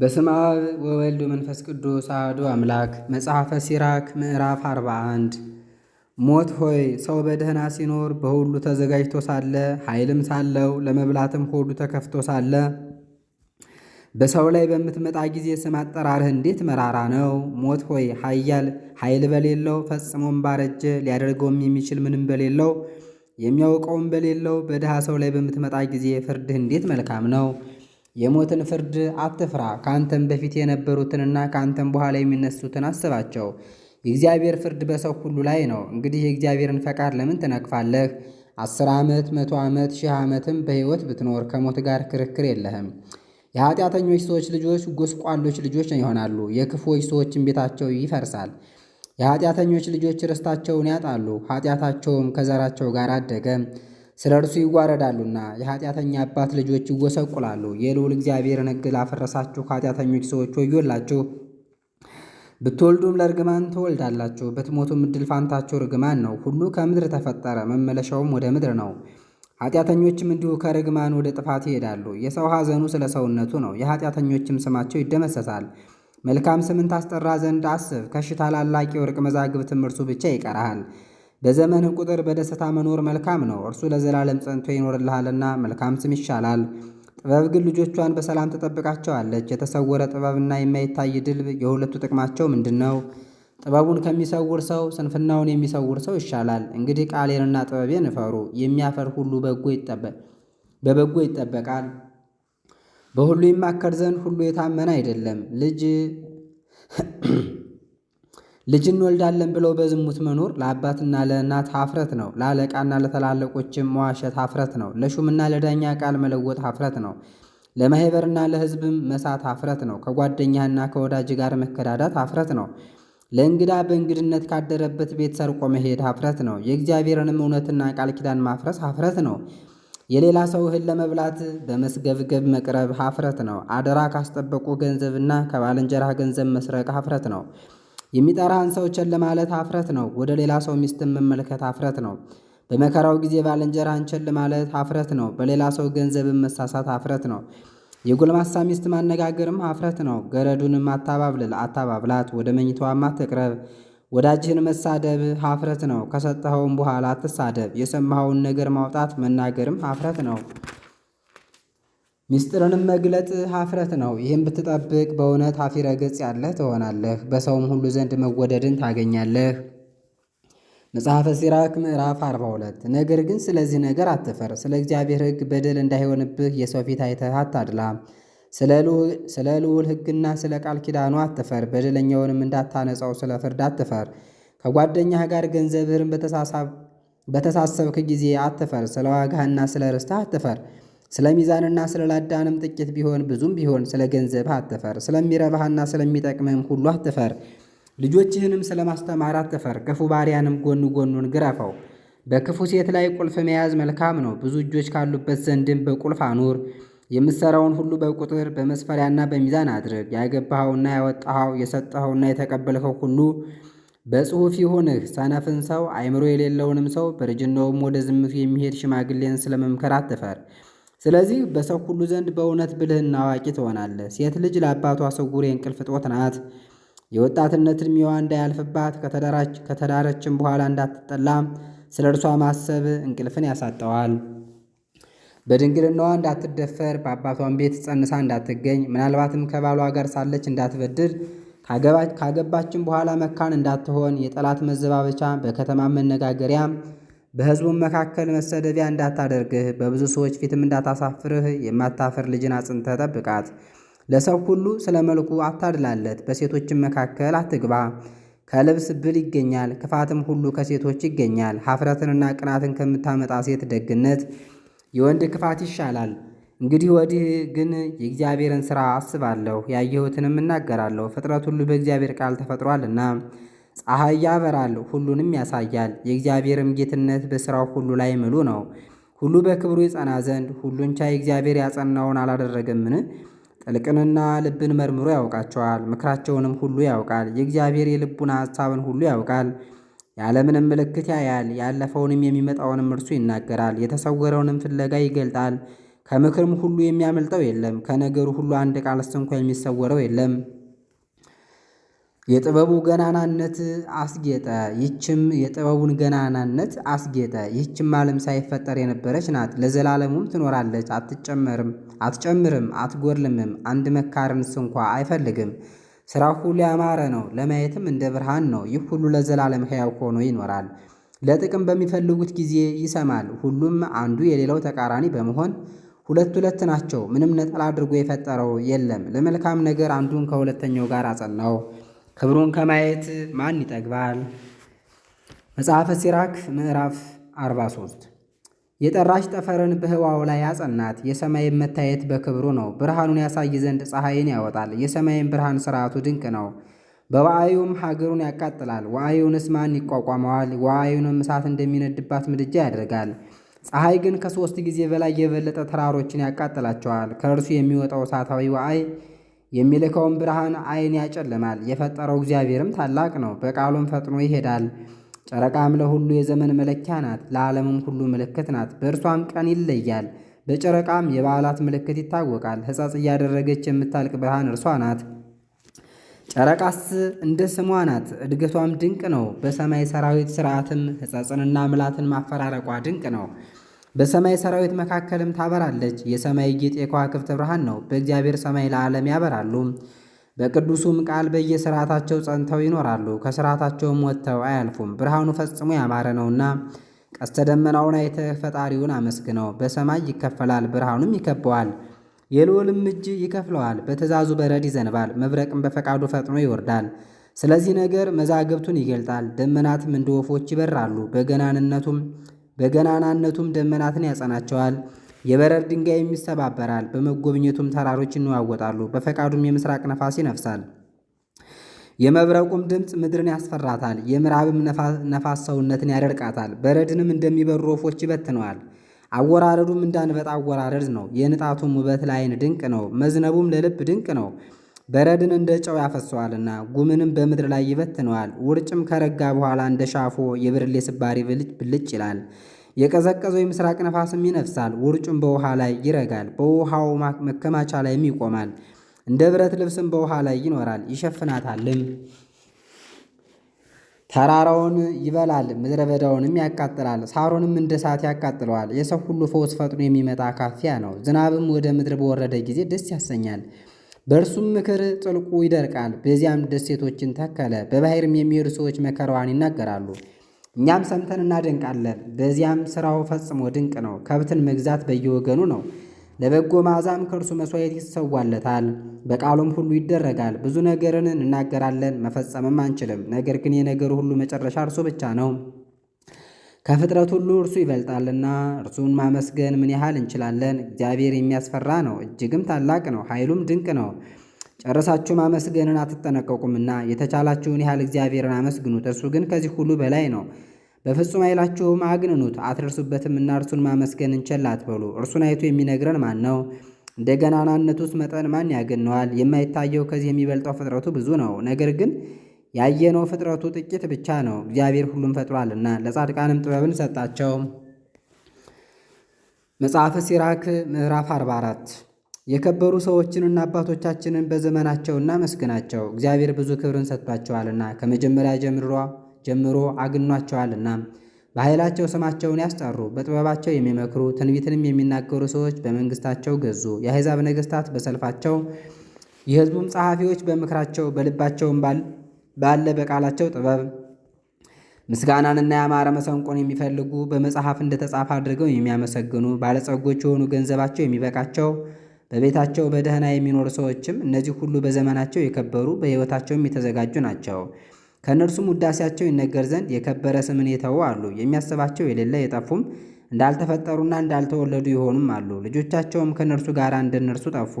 በስመ አብ ወወልድ ቅዱስ አሐዱ አምላክ። መጽሐፈ ሲራክ ምዕራፍ 41 ሞት ሆይ ሰው በደህና ሲኖር በሁሉ ተዘጋጅቶ ሳለ ኃይልም ሳለው ለመብላትም ሆዱ ተከፍቶ ሳለ በሰው ላይ በምትመጣ ጊዜ ስም አጠራርህ እንዴት መራራ ነው! ሞት ሆይ ኃያል ኃይል በሌለው ፈጽሞም ባረጀ ሊያደርገውም የሚችል ምንም በሌለው የሚያውቀውም በሌለው በድሃ ሰው ላይ በምትመጣ ጊዜ ፍርድህ እንዴት መልካም ነው! የሞትን ፍርድ አትፍራ፣ ከአንተም በፊት የነበሩትንና ከአንተም በኋላ የሚነሱትን አስባቸው። የእግዚአብሔር ፍርድ በሰው ሁሉ ላይ ነው። እንግዲህ የእግዚአብሔርን ፈቃድ ለምን ትነቅፋለህ? አስር ዓመት መቶ ዓመት ሺህ ዓመትም በሕይወት ብትኖር ከሞት ጋር ክርክር የለህም። የኃጢአተኞች ሰዎች ልጆች ጎስቋሎች ልጆች ይሆናሉ፣ የክፉዎች ሰዎችን ቤታቸው ይፈርሳል። የኃጢአተኞች ልጆች ርስታቸውን ያጣሉ፣ ኃጢአታቸውም ከዘራቸው ጋር አደገ። ስለ እርሱ ይዋረዳሉና የኃጢአተኛ አባት ልጆች ይጎሰቁላሉ። የልዑል እግዚአብሔርን ሕግ ላፈረሳችሁ ከኃጢአተኞች ሰዎች ወዮላችሁ። ብትወልዱም ለእርግማን ትወልዳላችሁ፣ ብትሞቱም እድል ፋንታችሁ ርግማን ነው። ሁሉ ከምድር ተፈጠረ፣ መመለሻውም ወደ ምድር ነው። ኃጢአተኞችም እንዲሁ ከርግማን ወደ ጥፋት ይሄዳሉ። የሰው ሐዘኑ ስለ ሰውነቱ ነው፣ የኃጢአተኞችም ስማቸው ይደመሰሳል። መልካም ስምን ታስጠራ ዘንድ አስብ፣ ከሽታ ላላቂ ወርቅ መዛግብትም እርሱ ብቻ ይቀርሃል። በዘመንህ ቁጥር በደስታ መኖር መልካም ነው፣ እርሱ ለዘላለም ጸንቶ ይኖርልሃልና መልካም ስም ይሻላል። ጥበብ ግን ልጆቿን በሰላም ትጠብቃቸዋለች። የተሰወረ ጥበብና የማይታይ ድል የሁለቱ ጥቅማቸው ምንድን ነው? ጥበቡን ከሚሰውር ሰው ስንፍናውን የሚሰውር ሰው ይሻላል። እንግዲህ ቃሌንና ጥበቤን እፈሩ። የሚያፈር ሁሉ በበጎ ይጠበቃል። በሁሉ ይማከር ዘንድ ሁሉ የታመነ አይደለም ልጅ ልጅ እንወልዳለን ብለው በዝሙት መኖር ለአባትና ለእናት ሀፍረት ነው። ለአለቃና ለተላለቆችም መዋሸት ሀፍረት ነው። ለሹምና ለዳኛ ቃል መለወጥ ሀፍረት ነው። ለማህበርና ለህዝብም መሳት ሀፍረት ነው። ከጓደኛና ከወዳጅ ጋር መከዳዳት ሀፍረት ነው። ለእንግዳ በእንግድነት ካደረበት ቤት ሰርቆ መሄድ ሀፍረት ነው። የእግዚአብሔርንም እውነትና ቃል ኪዳን ማፍረስ ሀፍረት ነው። የሌላ ሰው እህል ለመብላት በመስገብገብ መቅረብ ሀፍረት ነው። አደራ ካስጠበቁ ገንዘብና ከባልንጀራ ገንዘብ መስረቅ ሀፍረት ነው። የሚጠራህን ሰው ለማለት አፍረት ነው። ወደ ሌላ ሰው ሚስትን መመልከት አፍረት ነው። በመከራው ጊዜ ባልንጀራ ቸል ለማለት አፍረት ነው። በሌላ ሰው ገንዘብን መሳሳት አፍረት ነው። የጎልማሳ ሚስት ማነጋገርም አፍረት ነው። ገረዱንም አታባብልል አታባብላት፣ ወደ መኝታዋም አትቅረብ። ወዳጅህን መሳደብ አፍረት ነው። ከሰጠኸውም በኋላ አትሳደብ። የሰማኸውን ነገር ማውጣት መናገርም አፍረት ነው። ሚስጥርን መግለጥ ሀፍረት ነው። ይህም ብትጠብቅ በእውነት ኀፊረ ገጽ ያለህ ትሆናለህ፣ በሰውም ሁሉ ዘንድ መወደድን ታገኛለህ። መጽሐፈ ሲራክ ምዕራፍ 42 ነገር ግን ስለዚህ ነገር አትፈር፣ ስለ እግዚአብሔር ሕግ በደል እንዳይሆንብህ የሰው ፊት አይተህ አታድላ። ስለ ልዑል ሕግና ስለ ቃል ኪዳኑ አትፈር፣ በደለኛውንም እንዳታነጻው ስለ ፍርድ አትፈር። ከጓደኛህ ጋር ገንዘብህን በተሳሰብክ ጊዜ አትፈር፣ ስለ ዋጋህና ስለ ርስትህ አትፈር። ስለ ሚዛንና ስለ ላዳንም ጥቂት ቢሆን ብዙም ቢሆን ስለ ገንዘብህ አትፈር። ስለሚረባህና ስለሚጠቅምህም ሁሉ አትፈር። ልጆችህንም ስለ ማስተማር አትፈር። ክፉ ባሪያንም ጎኑ ጎኑን ግረፈው። በክፉ ሴት ላይ ቁልፍ መያዝ መልካም ነው። ብዙ እጆች ካሉበት ዘንድም በቁልፍ አኑር። የምትሠራውን ሁሉ በቁጥር በመስፈሪያና በሚዛን አድርግ። ያገባኸውና ያወጣኸው የሰጠኸውና የተቀበልኸው ሁሉ በጽሑፍ ይሁንህ። ሰነፍን ሰው፣ አይምሮ የሌለውንም ሰው፣ በርጅናውም ወደ ዝምቱ የሚሄድ ሽማግሌን ስለ መምከር አትፈር። ስለዚህ በሰው ሁሉ ዘንድ በእውነት ብልህና አዋቂ ትሆናለህ። ሴት ልጅ ለአባቷ ስውር የእንቅልፍ እጦት ናት። የወጣትነት ዕድሜዋ እንዳያልፍባት ከተዳረችም በኋላ እንዳትጠላ ስለ እርሷ ማሰብ እንቅልፍን ያሳጠዋል። በድንግልናዋ እንዳትደፈር በአባቷን ቤት ጸንሳ እንዳትገኝ ምናልባትም ከባሏ ጋር ሳለች እንዳትበድል ካገባችን በኋላ መካን እንዳትሆን የጠላት መዘባበቻ በከተማ መነጋገሪያ በሕዝቡም መካከል መሰደቢያ እንዳታደርግህ በብዙ ሰዎች ፊትም እንዳታሳፍርህ የማታፍር ልጅን አጽንተ ጠብቃት። ለሰው ሁሉ ስለ መልኩ አታድላለት፣ በሴቶችም መካከል አትግባ። ከልብስ ብል ይገኛል፣ ክፋትም ሁሉ ከሴቶች ይገኛል። ሀፍረትንና ቅናትን ከምታመጣ ሴት ደግነት የወንድ ክፋት ይሻላል። እንግዲህ ወዲህ ግን የእግዚአብሔርን ሥራ አስባለሁ፣ ያየሁትንም እናገራለሁ። ፍጥረት ሁሉ በእግዚአብሔር ቃል ተፈጥሯልና። ፀሐይ ያበራል ሁሉንም ያሳያል። የእግዚአብሔርም ጌትነት በሥራው ሁሉ ላይ ምሉ ነው። ሁሉ በክብሩ ይጸና ዘንድ ሁሉን ቻይ እግዚአብሔር ያጸናውን አላደረገምን? ጥልቅንና ልብን መርምሮ ያውቃቸዋል። ምክራቸውንም ሁሉ ያውቃል። የእግዚአብሔር የልቡን ሐሳብን ሁሉ ያውቃል። የዓለምንም ምልክት ያያል። ያለፈውንም የሚመጣውንም እርሱ ይናገራል። የተሰወረውንም ፍለጋ ይገልጣል። ከምክርም ሁሉ የሚያመልጠው የለም። ከነገሩ ሁሉ አንድ ቃል ስንኳ የሚሰወረው የለም። የጥበቡ ገናናነት አስጌጠ ይችም የጥበቡን ገናናነት አስጌጠ ይችም ዓለም ሳይፈጠር የነበረች ናት። ለዘላለሙም ትኖራለች፣ አትጨመርም፣ አትጨምርም፣ አትጎርልምም። አንድ መካርን ስንኳ አይፈልግም። ስራ ሁሉ ያማረ ነው፣ ለማየትም እንደ ብርሃን ነው። ይህ ሁሉ ለዘላለም ሕያው ሆኖ ይኖራል። ለጥቅም በሚፈልጉት ጊዜ ይሰማል። ሁሉም አንዱ የሌላው ተቃራኒ በመሆን ሁለት ሁለት ናቸው። ምንም ነጠላ አድርጎ የፈጠረው የለም። ለመልካም ነገር አንዱን ከሁለተኛው ጋር አጸናው። ክብሩን ከማየት ማን ይጠግባል? መጽሐፈ ሲራክ ምዕራፍ 43 የጠራሽ ጠፈርን በህዋው ላይ ያጸናት። የሰማይን መታየት በክብሩ ነው። ብርሃኑን ያሳይ ዘንድ ፀሐይን ያወጣል። የሰማይን ብርሃን ስርዓቱ ድንቅ ነው። በዋዩም ሀገሩን ያቃጥላል። ዋዩንስ ማን ይቋቋመዋል? ዋዩንም እሳት እንደሚነድባት ምድጃ ያደርጋል። ፀሐይ ግን ከሦስት ጊዜ በላይ የበለጠ ተራሮችን ያቃጥላቸዋል። ከእርሱ የሚወጣው እሳታዊ ዋይ የሚልከውን ብርሃን ዓይን ያጨልማል። የፈጠረው እግዚአብሔርም ታላቅ ነው፣ በቃሉም ፈጥኖ ይሄዳል። ጨረቃም ለሁሉ የዘመን መለኪያ ናት፣ ለዓለምም ሁሉ ምልክት ናት። በእርሷም ቀን ይለያል፣ በጨረቃም የበዓላት ምልክት ይታወቃል። ሕጸጽ እያደረገች የምታልቅ ብርሃን እርሷ ናት። ጨረቃስ እንደ ስሟ ናት፣ እድገቷም ድንቅ ነው። በሰማይ ሰራዊት ስርዓትን ሕጸጽንና ምላትን ማፈራረቋ ድንቅ ነው። በሰማይ ሰራዊት መካከልም ታበራለች። የሰማይ ጌጥ የከዋክብት ብርሃን ነው። በእግዚአብሔር ሰማይ ለዓለም ያበራሉ። በቅዱሱም ቃል በየስርዓታቸው ጸንተው ይኖራሉ። ከስርዓታቸውም ወጥተው አያልፉም። ብርሃኑ ፈጽሞ ያማረ ነውና ቀስተ ደመናውን አይተህ ፈጣሪውን አመስግነው። በሰማይ ይከፈላል፣ ብርሃኑም ይከበዋል። የልዑልም እጅ ይከፍለዋል። በትእዛዙ በረድ ይዘንባል፣ መብረቅም በፈቃዱ ፈጥኖ ይወርዳል። ስለዚህ ነገር መዛግብቱን ይገልጣል። ደመናትም እንደ ወፎች ይበራሉ። በገናንነቱም በገናናነቱም ደመናትን ያጸናቸዋል። የበረር ድንጋይም ይሰባበራል፣ በመጎብኘቱም ተራሮች ይነዋወጣሉ። በፈቃዱም የምስራቅ ነፋስ ይነፍሳል፣ የመብረቁም ድምፅ ምድርን ያስፈራታል። የምዕራብም ነፋስ ሰውነትን ያደርቃታል፣ በረድንም እንደሚበሩ ወፎች ይበትነዋል። አወራረዱም እንዳንበጣ አወራረድ ነው። የንጣቱም ውበት ለዓይን ድንቅ ነው፣ መዝነቡም ለልብ ድንቅ ነው። በረድን እንደ ጨው ያፈሰዋልና ጉምንም በምድር ላይ ይበትነዋል። ውርጭም ከረጋ በኋላ እንደ ሻፎ የብርሌ ስባሪ ብልጭ ብልጭ ይላል። የቀዘቀዘው የምስራቅ ነፋስም ይነፍሳል። ውርጩም በውሃ ላይ ይረጋል፣ በውሃው መከማቻ ላይም ይቆማል። እንደ ብረት ልብስም በውሃ ላይ ይኖራል፣ ይሸፍናታልም። ተራራውን ይበላል፣ ምድረ በዳውንም ያቃጥላል፣ ሳሩንም እንደ እሳት ያቃጥለዋል። የሰው ሁሉ ፈውስ ፈጥኖ የሚመጣ ካፊያ ነው። ዝናብም ወደ ምድር በወረደ ጊዜ ደስ ያሰኛል። በእርሱም ምክር ጥልቁ ይደርቃል፣ በዚያም ደሴቶችን ተከለ። በባህርም የሚሄዱ ሰዎች መከራዋን ይናገራሉ። እኛም ሰምተን እናደንቃለን። በዚያም ስራው ፈጽሞ ድንቅ ነው። ከብትን መግዛት በየወገኑ ነው። ለበጎ መዓዛም ከእርሱ መሥዋዕት ይሰዋለታል፣ በቃሉም ሁሉ ይደረጋል። ብዙ ነገርን እናገራለን፣ መፈጸምም አንችልም። ነገር ግን የነገሩ ሁሉ መጨረሻ እርሱ ብቻ ነው። ከፍጥረት ሁሉ እርሱ ይበልጣልና እርሱን ማመስገን ምን ያህል እንችላለን? እግዚአብሔር የሚያስፈራ ነው፣ እጅግም ታላቅ ነው፣ ኃይሉም ድንቅ ነው። ጨረሳችሁ ማመስገንን አትጠነቀቁምና የተቻላችሁን ያህል እግዚአብሔርን አመስግኑት፣ እርሱ ግን ከዚህ ሁሉ በላይ ነው። በፍጹም ኃይላችሁም አግንኑት አትደርሱበትምና እርሱን ማመስገን እንችል አትበሉ። እርሱን አይቶ የሚነግረን ማን ነው? እንደ ገናናነቱስ መጠን ማን ያገነዋል? የማይታየው ከዚህ የሚበልጠው ፍጥረቱ ብዙ ነው። ነገር ግን ያየነው ፍጥረቱ ጥቂት ብቻ ነው፣ እግዚአብሔር ሁሉም ፈጥሯልና። ለጻድቃንም ጥበብን ሰጣቸው። መጽሐፈ ሲራክ ምዕራፍ 44 የከበሩ ሰዎችንና አባቶቻችንን በዘመናቸውና መስገናቸው እግዚአብሔር ብዙ ክብርን ሰጥቷቸዋልና፣ ከመጀመሪያ ጀምሮ ጀምሮ አግኗቸዋልና። በኃይላቸው ስማቸውን ያስጠሩ፣ በጥበባቸው የሚመክሩ፣ ትንቢትንም የሚናገሩ ሰዎች በመንግስታቸው ገዙ። የአሕዛብ ነገሥታት በሰልፋቸው፣ የሕዝቡም ጸሐፊዎች በምክራቸው በልባቸውም ባል ባለ በቃላቸው ጥበብ ምስጋናንና ያማረ መሰንቆን የሚፈልጉ በመጽሐፍ እንደተጻፈ አድርገው የሚያመሰግኑ ባለጸጎች የሆኑ ገንዘባቸው የሚበቃቸው በቤታቸው በደህና የሚኖሩ ሰዎችም እነዚህ ሁሉ በዘመናቸው የከበሩ በሕይወታቸውም የተዘጋጁ ናቸው። ከእነርሱም ውዳሴያቸው ይነገር ዘንድ የከበረ ስምን የተዉ አሉ። የሚያስባቸው የሌለ የጠፉም እንዳልተፈጠሩና እንዳልተወለዱ የሆኑም አሉ። ልጆቻቸውም ከእነርሱ ጋር እንደነርሱ ጠፉ።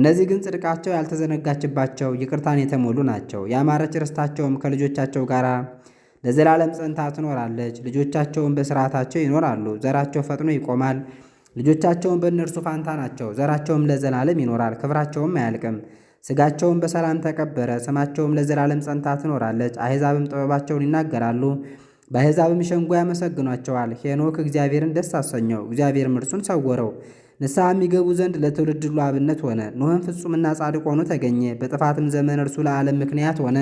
እነዚህ ግን ጽድቃቸው ያልተዘነጋችባቸው ይቅርታን የተሞሉ ናቸው። ያማረች ርስታቸውም ከልጆቻቸው ጋር ለዘላለም ጸንታ ትኖራለች። ልጆቻቸውን በስርዓታቸው ይኖራሉ። ዘራቸው ፈጥኖ ይቆማል። ልጆቻቸውን በእነርሱ ፋንታ ናቸው። ዘራቸውም ለዘላለም ይኖራል፣ ክብራቸውም አያልቅም። ስጋቸውም በሰላም ተቀበረ፣ ስማቸውም ለዘላለም ጸንታ ትኖራለች። አሕዛብም ጥበባቸውን ይናገራሉ፣ በአሕዛብም ሸንጎ ያመሰግኗቸዋል። ሄኖክ እግዚአብሔርን ደስ አሰኘው፣ እግዚአብሔርም እርሱን ሰወረው። ንስሐ የሚገቡ ዘንድ ለትውልድ ሁሉ አብነት ሆነ። ኖህም ፍጹምና ጻድቅ ሆኖ ተገኘ። በጥፋትም ዘመን እርሱ ለዓለም ምክንያት ሆነ።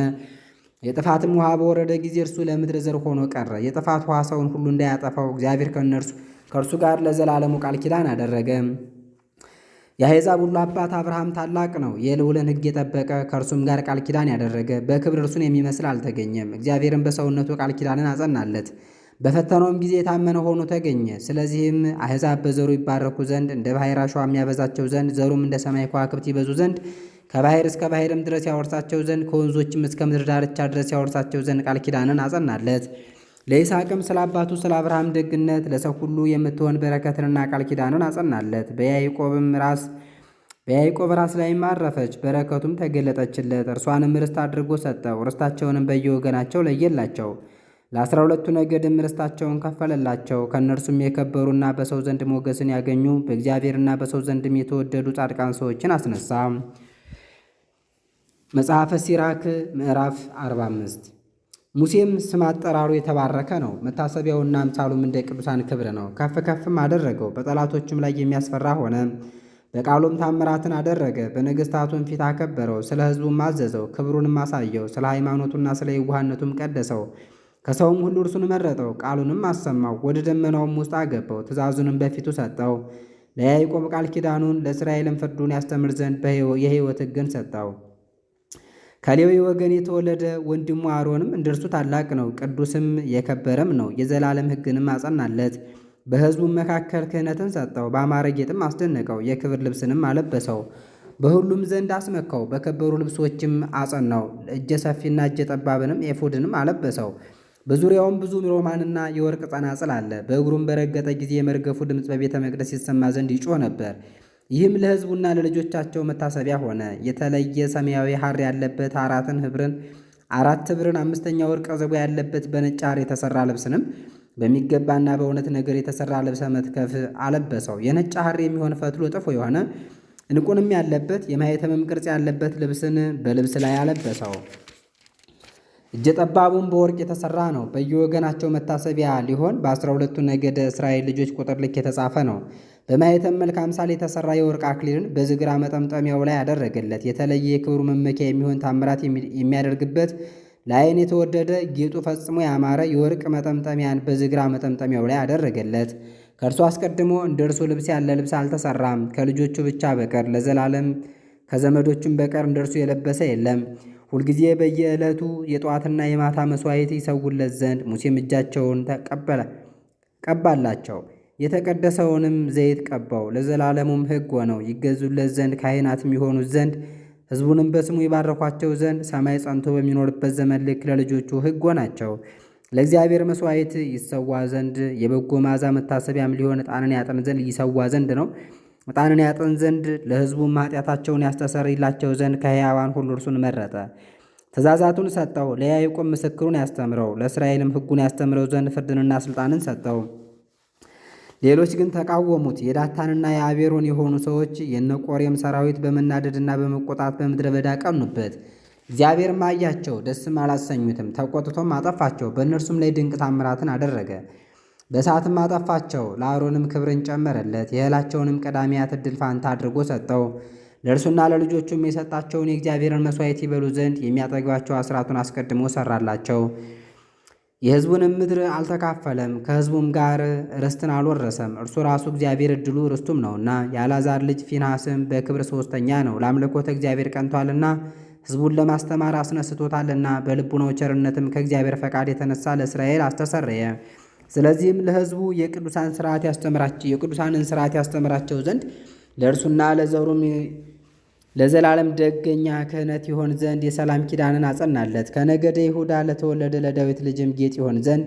የጥፋትም ውሃ በወረደ ጊዜ እርሱ ለምድር ዘር ሆኖ ቀረ። የጥፋት ውሃ ሰውን ሁሉ እንዳያጠፋው እግዚአብሔር ከእነርሱ ከእርሱ ጋር ለዘላለሙ ቃል ኪዳን አደረገ። የአሕዛብ ሁሉ አባት አብርሃም ታላቅ ነው። የልዑልን ሕግ የጠበቀ ከእርሱም ጋር ቃል ኪዳን ያደረገ በክብር እርሱን የሚመስል አልተገኘም። እግዚአብሔርም በሰውነቱ ቃል ኪዳንን አጸናለት። በፈተናውም ጊዜ የታመነ ሆኖ ተገኘ። ስለዚህም አሕዛብ በዘሩ ይባረኩ ዘንድ እንደ ባሕር አሸዋ የሚያበዛቸው ዘንድ ዘሩም እንደ ሰማይ ከዋክብት ይበዙ ዘንድ ከባሕር እስከ ባሕርም ድረስ ያወርሳቸው ዘንድ ከወንዞችም እስከ ምድር ዳርቻ ድረስ ያወርሳቸው ዘንድ ቃል ኪዳንን አጸናለት። ለይስሐቅም ስለ አባቱ ስለ አብርሃም ደግነት ለሰው ሁሉ የምትሆን በረከትንና ቃል ኪዳንን አጸናለት። በያይቆብም ራስ በያይቆብ ራስ ላይም አረፈች፣ በረከቱም ተገለጠችለት። እርሷንም ርስት አድርጎ ሰጠው። ርስታቸውንም በየወገናቸው ለየላቸው። ለአስራ ሁለቱ ነገድም ርስታቸውን ከፈለላቸው። ከእነርሱም የከበሩና በሰው ዘንድ ሞገስን ያገኙ በእግዚአብሔርና በሰው ዘንድም የተወደዱ ጻድቃን ሰዎችን አስነሳ። መጽሐፈ ሲራክ ምዕራፍ 45 ሙሴም ስም አጠራሩ የተባረከ ነው። መታሰቢያውና አምሳሉም እንደ ቅዱሳን ክብር ነው። ከፍ ከፍም አደረገው፣ በጠላቶችም ላይ የሚያስፈራ ሆነ። በቃሉም ታምራትን አደረገ። በነገሥታቱን ፊት አከበረው፣ ስለ ሕዝቡም አዘዘው፣ ክብሩንም አሳየው። ስለ ሃይማኖቱና ስለ የዋህነቱም ቀደሰው። ከሰውም ሁሉ እርሱን መረጠው፣ ቃሉንም አሰማው፣ ወደ ደመናውም ውስጥ አገባው፣ ትእዛዙንም በፊቱ ሰጠው። ለያዕቆብ ቃል ኪዳኑን ለእስራኤልም ፍርዱን ያስተምር ዘንድ የሕይወት ሕግን ሰጠው። ከሌዊ ወገን የተወለደ ወንድሙ አሮንም እንደርሱ ታላቅ ነው፣ ቅዱስም የከበረም ነው። የዘላለም ሕግንም አጸናለት። በሕዝቡም መካከል ክህነትን ሰጠው፣ በአማረ ጌጥም አስደነቀው፣ የክብር ልብስንም አለበሰው፣ በሁሉም ዘንድ አስመካው፣ በከበሩ ልብሶችም አጸናው። እጀ ሰፊና እጀ ጠባብንም ኤፉድንም አለበሰው። በዙሪያውም ብዙ ሮማንና የወርቅ ጸናጽል አለ። በእግሩም በረገጠ ጊዜ የመርገፉ ድምፅ በቤተ መቅደስ ይሰማ ዘንድ ይጮህ ነበር። ይህም ለሕዝቡና ለልጆቻቸው መታሰቢያ ሆነ። የተለየ ሰማያዊ ሐር ያለበት አራትን ህብርን አራት ብርን አምስተኛ ወርቅ ዘቦ ያለበት በነጭ ሐር የተሰራ ልብስንም በሚገባና በእውነት ነገር የተሰራ ልብሰ መትከፍ አለበሰው። የነጭ ሐር የሚሆን ፈትሎ ጥፎ የሆነ እንቁንም ያለበት የማኅተምም ቅርጽ ያለበት ልብስን በልብስ ላይ አለበሰው። እጀ ጠባቡም በወርቅ የተሰራ ነው። በየወገናቸው መታሰቢያ ሊሆን በአስራ ሁለቱ ነገደ እስራኤል ልጆች ቁጥር ልክ የተጻፈ ነው። በማየተም መልክ አምሳል የተሰራ የወርቅ አክሊልን በዝግራ መጠምጠሚያው ላይ አደረገለት። የተለየ የክብሩ መመኪያ የሚሆን ታምራት የሚያደርግበት ለአይን የተወደደ ጌጡ ፈጽሞ ያማረ የወርቅ መጠምጠሚያን በዝግራ መጠምጠሚያው ላይ አደረገለት። ከእርሱ አስቀድሞ እንደ እርሱ ልብስ ያለ ልብስ አልተሰራም። ከልጆቹ ብቻ በቀር ለዘላለም ከዘመዶቹም በቀር እንደ እርሱ የለበሰ የለም። ሁልጊዜ በየዕለቱ የጠዋትና የማታ መሥዋዕት ይሰውለት ዘንድ ሙሴም እጃቸውን ተቀበለ ቀባላቸው። የተቀደሰውንም ዘይት ቀባው። ለዘላለሙም ሕግ ሆነው ይገዙለት ዘንድ ካህናትም የሆኑት ዘንድ ሕዝቡንም በስሙ ይባረኳቸው ዘንድ ሰማይ ጸንቶ በሚኖርበት ዘመን ልክ ለልጆቹ ሕግ ሆናቸው። ለእግዚአብሔር መሥዋዕት ይሰዋ ዘንድ የበጎ መዓዛ መታሰቢያም ሊሆን ዕጣንን ያጥን ዘንድ ይሰዋ ዘንድ ነው። ዕጣንን ያጥን ዘንድ ለሕዝቡም ኃጢአታቸውን ያስተሰርይላቸው ዘንድ ከሕያዋን ሁሉ እርሱን መረጠ። ትእዛዛቱን ሰጠው። ለያዕቆብ ምስክሩን ያስተምረው፣ ለእስራኤልም ሕጉን ያስተምረው ዘንድ ፍርድንና ሥልጣንን ሰጠው። ሌሎች ግን ተቃወሙት። የዳታንና የአቤሮን የሆኑ ሰዎች የነቆሬም ሰራዊት በመናደድና በመቆጣት በምድረ በዳ ቀኑበት። እግዚአብሔርም አያቸው፣ ደስም አላሰኙትም፣ ተቆጥቶም አጠፋቸው። በእነርሱም ላይ ድንቅ ታምራትን አደረገ። በእሳትም አጠፋቸው። ለአሮንም ክብርን ጨመረለት፣ የእህላቸውንም ቀዳሚያት እድል ፋንታ አድርጎ ሰጠው። ለእርሱና ለልጆቹም የሰጣቸውን የእግዚአብሔርን መሥዋዕት ይበሉ ዘንድ የሚያጠግባቸው አስራቱን አስቀድሞ ሰራላቸው። የሕዝቡንም ምድር አልተካፈለም፣ ከሕዝቡም ጋር ርስትን አልወረሰም። እርሱ ራሱ እግዚአብሔር እድሉ ርስቱም ነውና። የአልዓዛር ልጅ ፊንሐስም በክብር ሦስተኛ ነው፣ ለአምልኮተ እግዚአብሔር ቀንቷልና ሕዝቡን ለማስተማር አስነስቶታልና። በልቡናው ቸርነትም ከእግዚአብሔር ፈቃድ የተነሳ ለእስራኤል አስተሰረየ። ስለዚህም ለሕዝቡ የቅዱሳን ስርዓት ያስተምራቸው የቅዱሳንን ስርዓት ያስተምራቸው ዘንድ ለእርሱና ለዘሩም ለዘላለም ደገኛ ክህነት ይሆን ዘንድ የሰላም ኪዳንን አጸናለት። ከነገደ ይሁዳ ለተወለደ ለዳዊት ልጅም ጌጥ ይሆን ዘንድ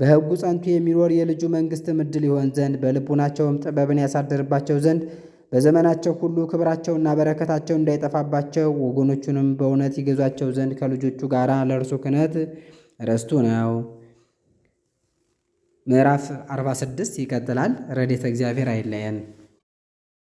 በሕጉ ጸንቱ የሚኖር የልጁ መንግስት ምድል ይሆን ዘንድ በልቡናቸውም ጥበብን ያሳደርባቸው ዘንድ በዘመናቸው ሁሉ ክብራቸውና በረከታቸው እንዳይጠፋባቸው ወገኖቹንም በእውነት ይገዟቸው ዘንድ ከልጆቹ ጋር ለእርሱ ክህነት ርስቱ ነው። ምዕራፍ 46 ይቀጥላል። ረድኤተ እግዚአብሔር አይለየን።